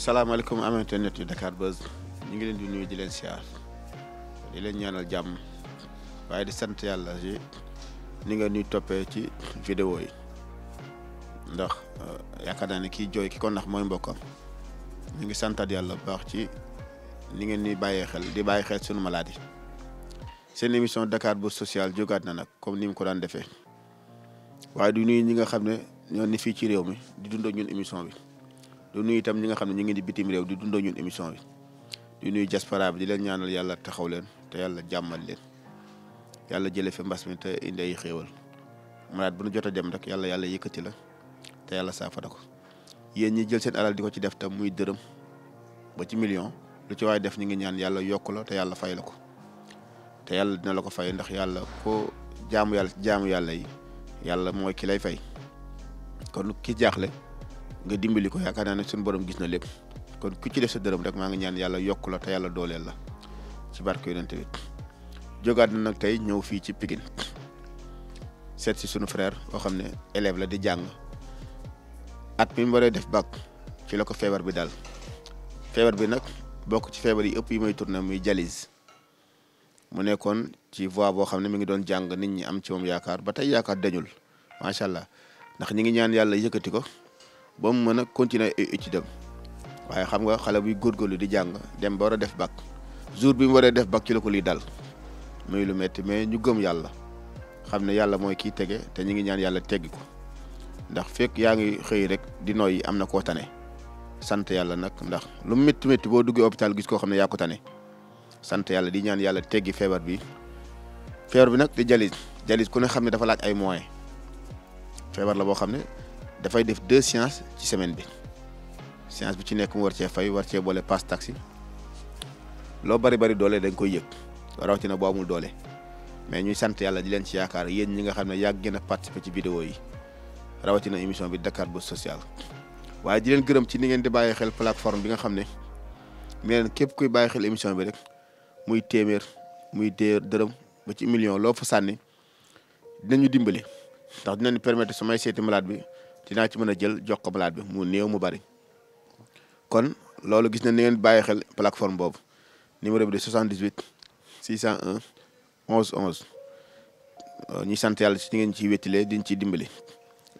salaamaaleykum amante net yu Dakar Buzz ñu ngi leen di nuyu di leen siyaar di leen ñaanal jàmm waaye di sant yàlla ji ni nga ñuy toppee ci vidéo yi ndax euh, yaakaar naa ne kii jooy ki ko ndax mooy mbokkam ñu ngi santaat yàlla bu baax ci ni ngeen ñuy bàyyee xel di bàyyi xel sunu maladie seen émission Dakar Buzz sociale jógaat na nag comme ni mu ko daan defee waaye du nuyu ñi nga xam ne ñoo ni fii ci réew mi di dundoo ñun émission bi. du nuyu itam ñi nga xam ne ñu ngi di bitim réew di dundoo ñun émission bi di nuyu diaspora di leen ñaanal yàlla taxaw leen te yàlla jàmmal leen yàlla jëlee fi mbas mi te indi ay xéewal malaat bu nu jot a dem rek yàlla yàlla yëkkati la te yàlla saafara ko yéen ñi jël seen alal di ko ci def tam muy dërëm ba ci million lu ci waay def ñu ngi ñaan yàlla yokk la te yàlla fay la ko te yàlla dina la ko fay ndax yàlla ko jaamu yàlla jaamu yàlla yi yàlla mooy ki lay fay kon nga dimbali ko yaakaar naa ne suñu borom gis na lépp kon ku ci def sa dërëm rek maa ngi ñaan yàlla yokk la te yàlla dooleel la ci barke yonent jogaat na nag tey ñëw fii ci Pikine seet si sunu frère boo xam ne élève la di jàng at mi mu waree def bac ci la ko feebar bi daal feebar bi nag bokk ci feebar yi ëpp yi may tourné muy jalis mu nekkoon ci voie boo xam ne mu ngi doon jàng nit ñi am ci moom yaakaar ba tey yaakaar dañul macha allah ndax ñi ngi ñaan yàlla yëkkati ko ba mu mën a continuer ay études waaye xam nga xale buy góorgóorlu di jàng dem ba war a def bac jour bi mu waree def bac ci la ko liy dal muy lu metti mais ñu gëm yàlla xam ne yàlla mooy kiy tege te ñu ngi ñaan yàlla teggi ko ndax fekk yaa ngi xëy rek di noyyi am na koo tane sant yàlla nag ndax lu métti métti boo duggee hôpital gis koo xam ne yaa ko tane sant yàlla di ñaan yàlla teggi feebar bi feebar bi nag di jalis jalis ku ne xam ne dafa laaj ay moyens feebar la boo xam ne dafay def deux séances ci semaine bi séance bi ci nekk mu war cee fay war cee boole pass taxi loo bari bari doole dañ koy yëg rawatina boo amul doole mais ñuy sant yàlla di leen ci yaakaar yéen ñi nga xam ne yàgg ngeen a participer ci vidéo yi rawatina émission bi Dakar Buzz sociale waaye di gërëm ci ni ngeen di bàyyi xel plateforme bi nga xam ne mais leen képp kuy bàyyi xel émission bi rek muy téeméer muy téer dërëm ba ci million loo fa sànni dinañu dimbali ndax dinañu permettre samay seeti malade bi. dinaa ci mën a jël jox ko malade bi mu néew mu bari kon loolu gis na ni ngeen bàyyi xel plateforme boobu numéro bi de 78 601 11 11 ñuy sant yàlla si ngeen ciy wéttilee diñ ciy dimbali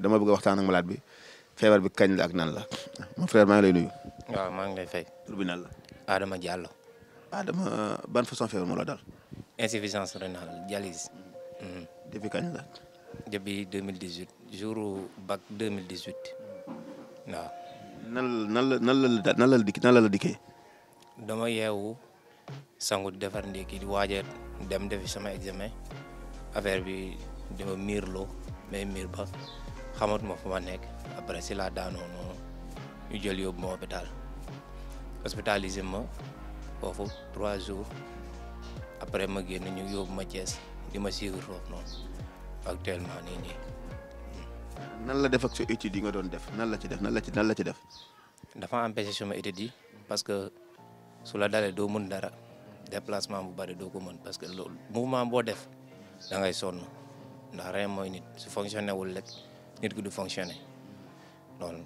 dama bëgg a waxtaan ak malade bi feebar bi kañ la ak nan la mon frère maa ngi lay nuyu. waaw maa ngi lay fay. tur bi nan la. Adama Diallo. Adama ban façon feebar moo la dal. insuffisance rénale dialyse. depuis kañ la. depuis 2018 jour bac 2018 waaw. nan nan la nan la la nan la la nan la la dikkee. dama yeewu sangu defar ndékki di waaja dem defi sama examen affaire bi dama miirloo mais miir ba xamatuma fu ma nekk après si laa daanoo noonu ñu jël yóbbu ma hôpital hospitalisé ma foofu trois jours après ma génn ñu yóbbu ma Thiès di ma foofu noonu. actuellement nii nii. nan la def ak sa études yi nga doon def nan la ci def nan la ci nan la ci def. dafa empêché suma études yi parce que su la dalee doo mën dara déplacement bu bari doo ko mën parce que loolu mouvement boo def da ngay sonn ndax ren mooy nit su fonctionné wul rek nit ku du fonctionné loolu.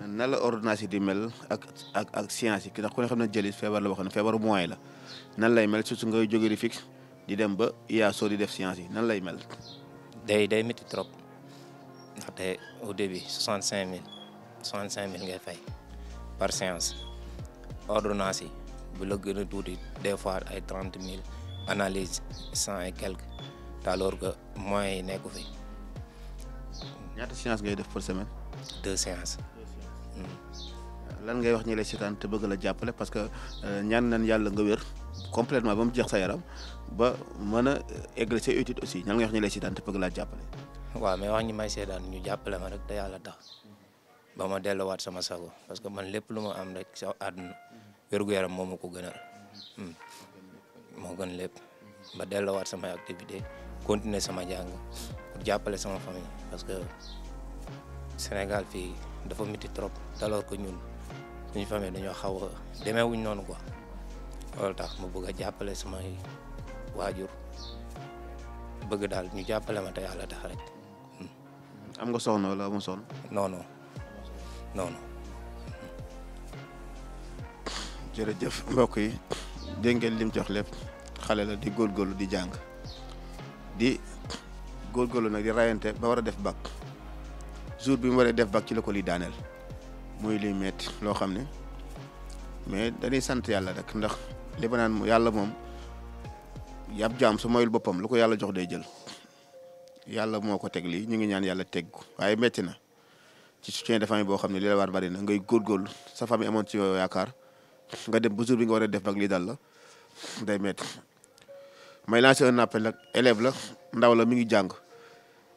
nan la ordonnance yi di mel ak ak ak science yi ndax ku ne xam ne jëlis feebar la wax ne feebar moyen la nan lay mel su ngay jogee di fixe di dem ba IASO di def science yi nan lay mel. day day métti trop ndaxte au début soixante cinq mille soixante cinq mille ngay fay par séance ordonnance yi bu la gën a tuuti des fois ay trente mille analyse cent et quelques te alors que yi nekku fi. ñaata séance ngay def par semaine. deux séances. Hmm. lan ngay wax ñi lay te bëgg la jàppale parce que euh, ñaan nañ yàlla nga wér. complètement ba mu jeex sa yaram ba mën a eggal say aussi ñan nga wax ñu lay seetaan te bëgg laa jàppale. waaw mais wax ñi may seetaan ñu jàppale ma rek te yàlla tax ba ma delluwaat sama sago parce que man lépp lu ma am rek sa àdduna wérgu yaram moo ma ko gënal hmm. moo gën lépp ba delluwaat samay activité continuer sama jàng pour jàppale sama famille parce que Sénégal fii dafa métti trop alors que ñun suñu famille dañoo xaw a demee wuñ noonu ko loolu tax mu bëgg a jàppale samay waajur bëgg daal ñu jàppale ma te yàlla tax rek. Hmm. nga soxna wala amoo soxna. non jërëjëf mbokk yi dégg ngeen lim jox lépp xale la di góorgóorlu di jàng di góorgóorlu nag di rayante ba war a def bac jour bi mu waree def bac ci la ko li daaneel muy liy metti loo xam ne mais dañuy sant yàlla rek ndax. li ma naan yàlla moom yab jaam su mayul boppam lu ko yàlla jox day jël yàlla moo ko teg lii ñu ngi ñaan yàlla teg ko waaye métti na ci soutien de famille boo xam ne li la war bari na ngay góorgóorlu sa famille amoon ci yow yaakaar nga dem ba jour bi nga war a def bag lii dal la day may lancer un appel nag ndaw la mi ngi jàng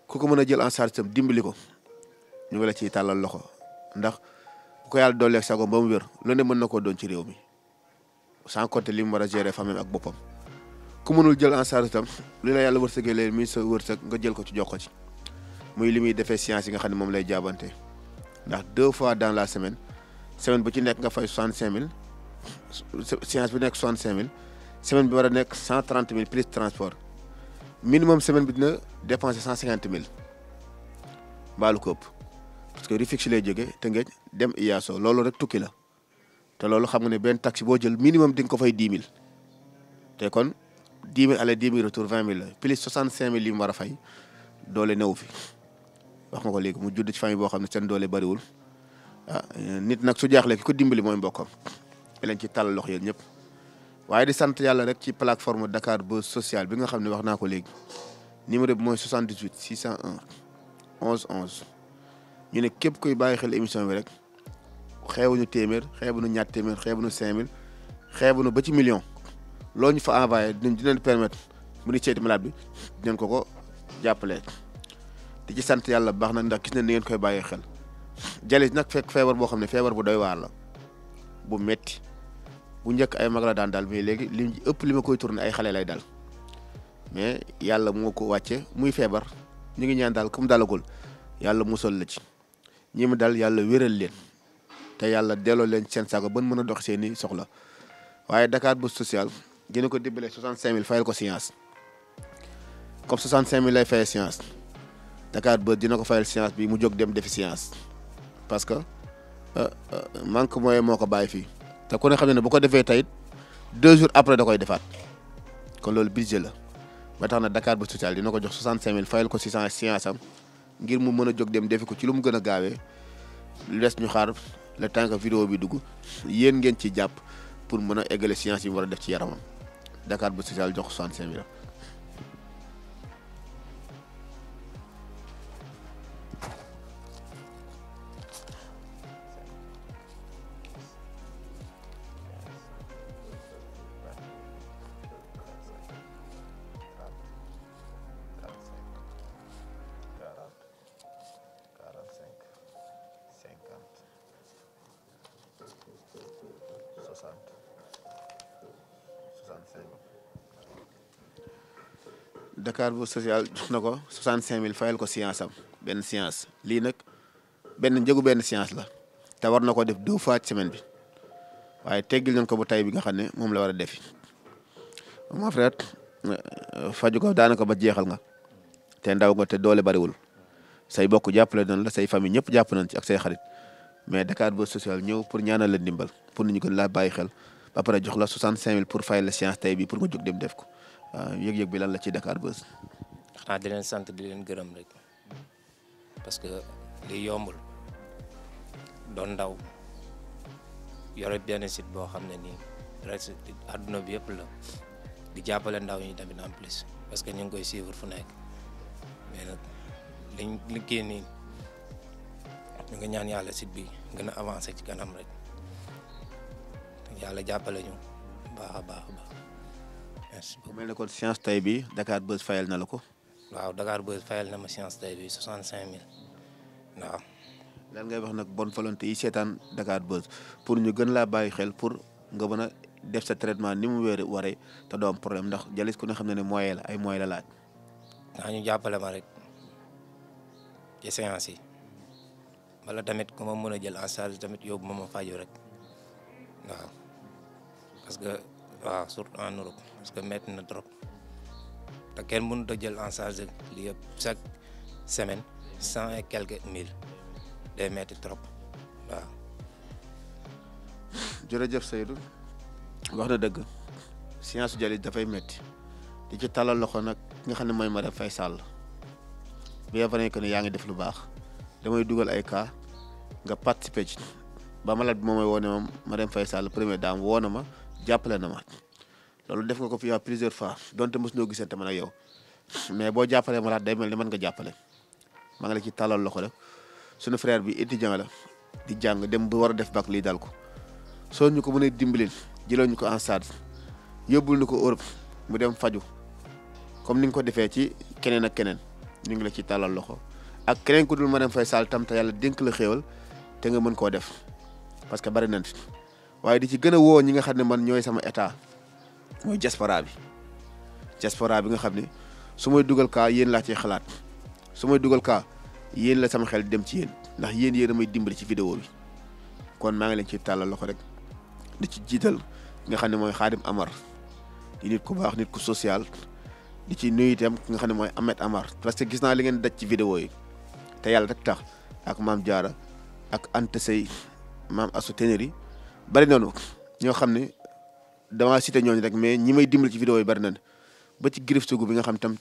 ku ko mën a jël en charge tam dimbali ko ñu ngi la ciy tàllal loxo ndax bu ko yàlla dooleeg sagoom ba mu wér mën na koo doon ci réew mi. sans compter li mu war a gérer famille ak boppam ku mënul jël en charge li la yàlla wërsëgee leen mi sa wërsëg nga jël ko ci jox ko ci muy li muy defee science yi nga xam ne moom lay jaabante ndax deux fois dans la semaine semaine bu ci nekk nga fay soixante cinq mille science bi nekk soixante cinq mille semaine bi war a nekk cent trente mille plus transport minimum semaine bi dina dépenser cent cinquante mille mbaalu ko ëpp parce que Rufisque lay jógee te ngeen dem Iyaaso loolu rek tukki la. te loolu xam nga ne benn taxi boo jël minimum di nga ko fay 10 000 te kon 10 000 aller 10 000 retour 20 000 la plus 65 000 yi mu war a fay doole newu fi wax nga ko léegi mu judd ci famille boo xam ne seen doole bariwul ah nit nag su jaaxlee ki ko dimbali mooy mbokkam leen ci tàll loxo yéen ñëpp waaye di sant yàlla rek ci plateforme Dakar Buzz social bi nga xam ne wax naa ko léegi numéro bi mooy 78 601 11 11 ñu ne képp kuy bàyyi xel émission bi rek. ñu téeméer xeebuñu ñaar téeméer xeebuñu cinq mille xeebuñu ba ci million loo ñu fa envoyé dinañ dinañ permettre mu ni ceeti malade bi dinañ ko ko jàppale di ci sant yàlla baax na ndax gis nañ ni ngeen koy bàyyee xel jalis nag fekk feebar boo xam ne feebar bu doy waar la bu metti bu njëkk ay mag la daan daal mais léegi li ëpp li ma koy tourné ay xale lay daal mais yàlla moo ko wàcce muy feebar ñu ngi ñaan daal comme dalagul yàlla musal la ci ñi daal yàlla wéral leen te yàlla delloo leen seen sago ba mën a dox seen i soxla waaye Dakar Bus Social dina ko dimbale 65000 fayal ko science comme 65000 lay fayal science Dakar Bus dina ko fayal science bi mu jóg dem defi science parce que euh, euh, manque moyen moo ko bàyyi fii te ku ne xam ne ne bu ko defee tey deux jours après da koy defaat kon loolu budget la ba tax na Dakar Bus Social dina ko jox 65000 fayal ko 600 science am ngir mu mën a jóg dem defi ci lu mu gën a gaawee lu ñu xaar. le temps que vidéo bi dugg yéen ngeen ci jàpp pour mën a eggale science yi war a def ci yaramam Dakar ba social jox 65000 la. 60 65 Dakar bu social jox na ko 65000 fayal ko séance am benn séance lii nag benn njëgu benn séance la te war na ko def deux fois semaine bi waaye teggil nañ ko bu tay bi nga xam ne moom la war a defi mon frère euh, faju ko daanaka ba jeexal nga te ndaw nga te doole bariwul say bokk jàppale nañ la say famille ñëpp jàpp nañ ci ak say xarit mais Dakar Buzz Social ñëw pour ñaanal la ndimbal pour ñu gën laa bàyyi xel ba pare jox la 65000 pour fay la séance tey bi pour nga jóg dem def ko waaw yëg-yëg bi lan la ci Dakar Buzz. xanaa di leen sant di leen gërëm rek parce que li yombul doon ndaw yore benn site boo xam ne nii àdduna bi yëpp la di jàppale ndaw ñi tamit en plus parce que ñu ngi koy suivre fu nekk mais nag liñ liggéey nii. ñu ngi ñaan yàlla sit bi gën a avancé ci kanam rek yàlla jàppale ñu baax a baax a baax merci mel ne kon Science Tay bi Dakar Buzz fayal na la ko. waaw Dakar Buzz fayal na ma Science Tay bi 65000 waaw. lan ngay wax nag bon volonté yi seetaan Dakar Buzz pour ñu gën laa bàyyi xel pour nga mën a def sa traitement ni mu wéer waree te doom am problème ndax jalis ko ne xam ne ne moyen la ay moyen la laaj. naa ñu jàppale ma rek ci séance yi. wala tamit ku ma mën a jël en charge tamit yóbbu ma ma faju rek waaw parce que waaw surtout en Europe parce que metti na trop te kenn mënut a jël en charge li yëpp chaque semaine cent et quelques mille trop waaw. jërëjëf wax na dëgg science dialyse dafay métti di ci talal loxo nag nga xam ne mooy Marème Faye Sall bien vrai que ne yaa ngi def lu baax. damay dugal ay cas nga participer ci ba malade bi moom mooy woone ma Marème Faye Sall première dame woo na ma jàppale na ma loolu def nga ko fi plusieurs fois donte mos noo gisante man ak yow mais boo jàppalee malade day mel ni mën nga jàppale maa ngi la ci tàllal loxo rek sunu frère bi étudiant la di jàng dem bu war a def bac lii daal ko soo ñu ko mënee dimbalil jëloo ñu ko en charge yóbbul ñu ko Europe mu dem faju comme ni nga ko defee ci keneen ak keneen ñu ngi la ci tàllal loxo ak keneen ku dul Marième Faye Sall tam te yàlla dénk la xéewal te nga mën koo def parce que bari nañ fi waaye di ci gën a woo ñi nga xam ne man ñooy sama état mooy diaspora bi diaspora bi nga xam ne su may dugal kaa yéen laa ciy xalaat su may dugal kaa yéen la sama xel dem ci yéen ndax yéen yéen a may dimbali ci vidéo bi kon maa ngi leen ciy tàllal loxo rek di ci jiital nga xam ne mooy Xaadim Amar di nit ku baax nit ku social di ci nuyu itam ki nga xam ne mooy Ahmed Amar parce que gis naa li ngeen daj ci vidéo yi te yàlla rek tax ak maam jaara ak Anta Sey maam Assou Ténéri bari noonu ñoo xam ne damaa cité ñooñu rek mais ñi may dimbali ci vidéo yi bari nañ ba ci Griff Sougou bi nga xam tam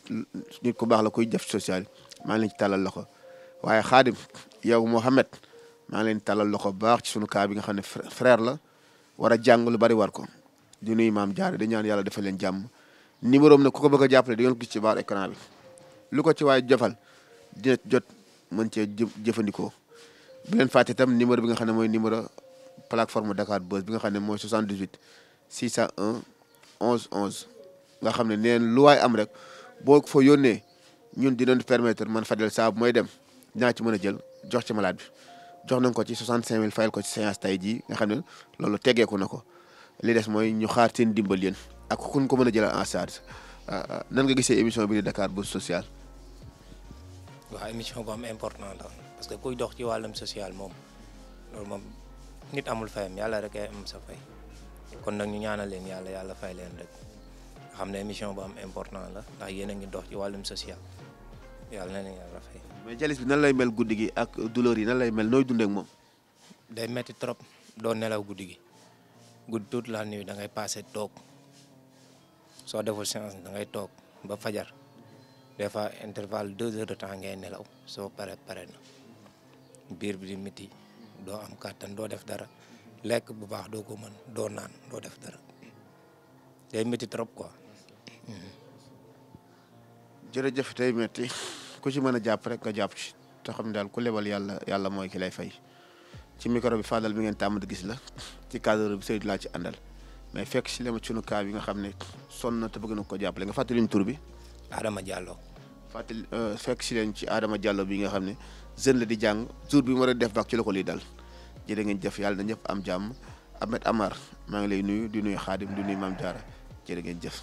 nit ku baax la koy def social maa ngi leen ci tàllal loxo waaye xaadim yow Mohamed maa ngi leen tàllal loxo baax ci sunu kaa bi nga xam ne frère la war a jàng lu bari war ko di nuyu maam Diarra da ñaan yàlla defal leen jàmm numéro am nag ko bëgg jàppale di ngeen bi ci waaye jofal dina jot mën cee jëfandikoo bu leen fàtte tam numéro bi nga xam ne mooy numéro plateforme Dakar Buzz bi nga xam ne mooy 78 601 11 11 nga xam ne neen lu waay am rek boo fo yónnee ñun di doon permettre man Fadel saa bu may dem dinaa ci mën a jël jox ci malade bi jox nañ ko ci 65000 fayal ko ci séance tay jii nga xam ne loolu teggeeku na ko li des mooy ñu xaar seen dimbal yéen ak kun ko mën a jëlal en charge ah, ah, nan nga gisee émission bi di Dakar social waaw émission bu am important la parce que kuy dox ci wàllum social moom moom nit amul fayam yàlla rek am sa fay kon nag ñu ñaana leen yàlla yàlla fay leen rek xam ne émission bu am important la ndax yéen a ngi dox ci wàllum social yàlla na leen yàlla fay. mais jalis nan lay mel guddi gi ak douleur yi nan lay mel nooy dundee ak moom. day metti trop doo nelaw guddi gi gudd toute la nuit da ngay passé toog soo deful séance da ngay toog ba fajar. des fois intervalle deux heures de temps ngay nelaw soo paree pare na biir bi di miti doo am kàttan doo def dara lekk bu baax doo ko mën doo naan doo def dara day métti trop quoi. Mm-hmm. jërëjëf tey metti ku ci mën a jàpp rek nga jàpp ci te xam ne daal ku lebal yàlla yàlla mooy ki lay fay ci micro bi Fadal mi ngeen tàmm di gis la ci cadre bi Seydou laa ci àndal mais fekk si lema sunu kaa bi nga xam ne sonn na te bëgg na ko jàppale nga fàttali ñu tur bi. Adama Diallo. fàttali euh, fekk si leen ci Adama Diallo bi nga xam ne jeune la di jàng jour bi mu war a def bac ci la ko lii dal jërë ngeen jëf yàlla na ñëpp am jàmm Ahmed Amar maa ngi lay nuyu di nuyu Xaadim di nuyu Maam Jaara jërë ngeen jëf.